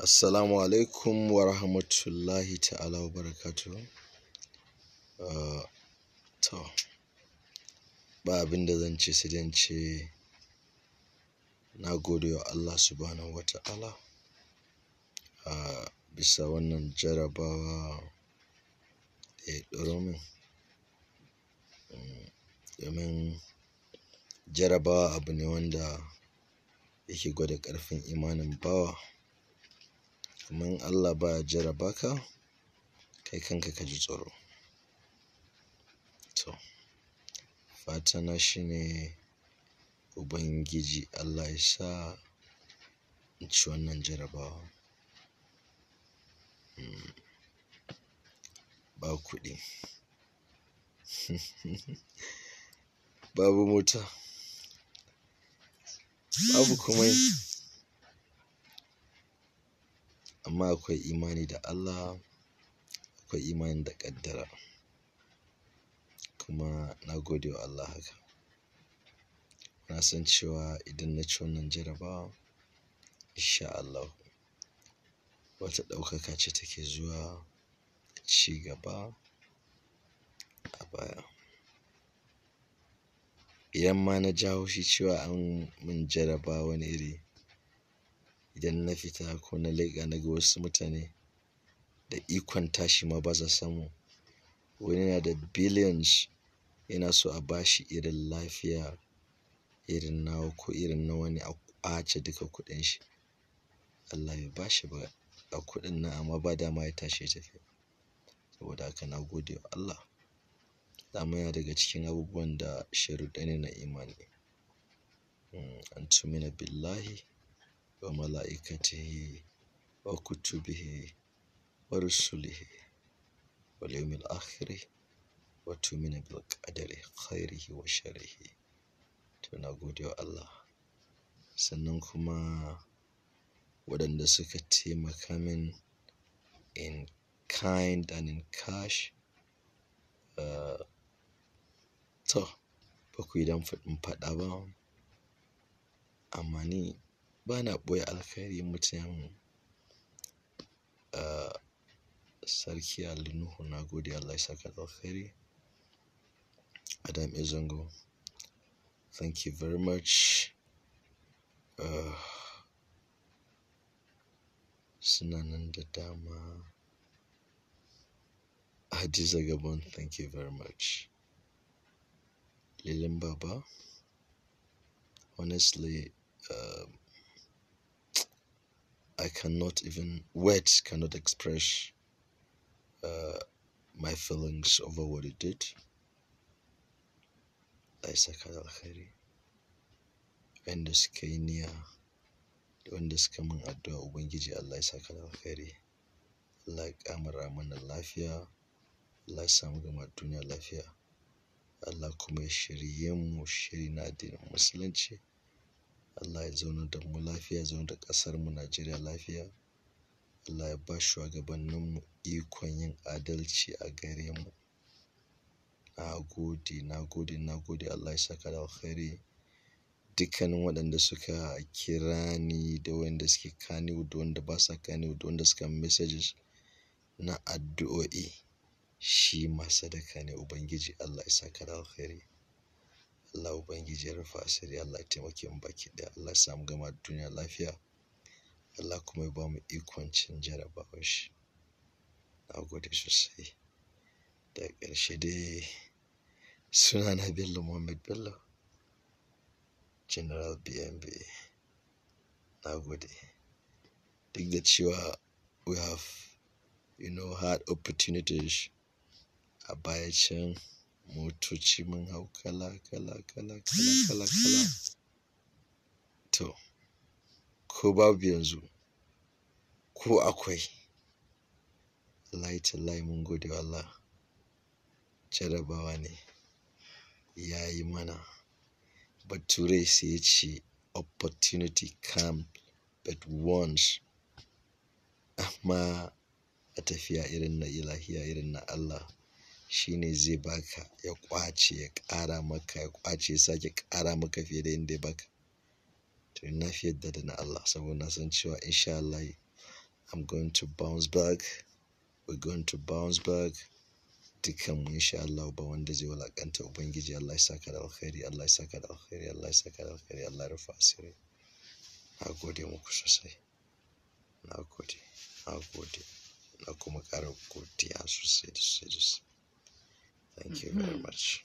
Assalamu alaikum wa rahmatullahi ta'ala wa barakatuhu. Uh, to, ba abin da zan ce sai dan ce na gode wa Allah subhanahu wa ta'ala uh, bisa wannan jarabawa da ya ɗoro min. Mm, domin jarabawa abu ne wanda yake gwada ƙarfin imanin bawa. kaman Allah baya jaraba ka, kai kanka ka ji tsoro. To, fatana shine Ubangiji Allah ya sa in ci wannan jarabawa. Hmm, ba kuɗi. Babu mota. Babu komai. Amma akwai imani da Allah, akwai imani da ƙaddara. Kuma na gode wa Allah haka. Na san cewa idan na ci wannan jarabawa insha'Allah, Allahu wata ɗaukaka ce take zuwa ci gaba a baya. Idan ma na jawo shi cewa an min jaraba wani iri idan na fita ko na leƙa na ga wasu mutane da ikon tashi ma ba su samu wani yana da billions yana so a bashi irin lafiya irin nawa ko irin na wani a ƙwace duka kuɗin shi Allah ba bashi ba a kuɗin nan amma ba dama ya tashi ya tafi saboda haka na gode wa Allah dama yana daga cikin abubuwan da sharuɗai ne na imani hmm, an tumina billahi wa mala'ika kanti yi wa kutubi wari sulhi waleu mil akhri watunan alƙadar kwarai wa sharihi tunagoji wa Allah. Sannan kuma waɗanda suka taimaka min in kind and in cash, eh, to baku yi damfad ɗin faɗa ba amma ni. ba na ɓoye alkhairi mutum a ah, sarki Ali Nuhu na gode Allah ya saka alkhairi Adam Ezango thank you very much uh, suna nan da dama Hadiza Gabon thank you very much Lilin Baba honestly um, I cannot even, words cannot express uh, my feelings over what he did. Isaac al Khairi, wanda suka yi niyya da wanda suka min addu'a Ubangiji Allah ya al Khairi, Allah ya kamara mana lafiya, Allah ya samu gama lafiya, Allah kuma ya shirye mu shiri na addinin Musulunci. Allah ya zauna da mu lafiya, ya da ƙasar mu Najeriya lafiya. Allah ya ba shugabannin mu ikon yin adalci a gare mu. Na gode, na gode, na gode. Allah ya saka da alkhairi. Dukkanin waɗanda suka kira ni da waɗanda suke kani da waɗanda ba sa kani da waɗanda suka messages na addu'o'i shi ma sadaka ne Ubangiji Allah ya saka da alkhairi. Allah Ubangiji ya rufa asiri Allah ya taimake mu baki ɗaya Allah ya samu gama da duniya lafiya Allah kuma ya ba ikon cin jarabawar shi na gode sosai Da ƙarshe dai suna na Bello Muhammad Bello General BNB na gode duk da cewa we have you know had opportunities a baya can motoci mun hau kala kala kala kala kala kala. To ko babu yanzu ko akwai Laita lai mun gode Allah jarabawa ne ya yi mana bature sai ya ce opportunity come but once amma a tafiya irin na ilahiya irin na Allah shine zai baka ya ƙwace ya ƙara maka ya ƙwace ya sake ƙara maka fiye da yadda ya baka to na fi yadda da na Allah saboda na san cewa insha Allah I'm going to bounce back we're going to bounce back dukkanmu insha Allah ba wanda zai walakanta ubangiji Allah ya saka da alkhairi Allah ya saka da alkhairi Allah ya saka da alkhairi Allah ya rufa asiri na gode muku sosai na gode na gode na kuma ƙara godiya sosai sosai da sosai Thank you very mm-hmm. much.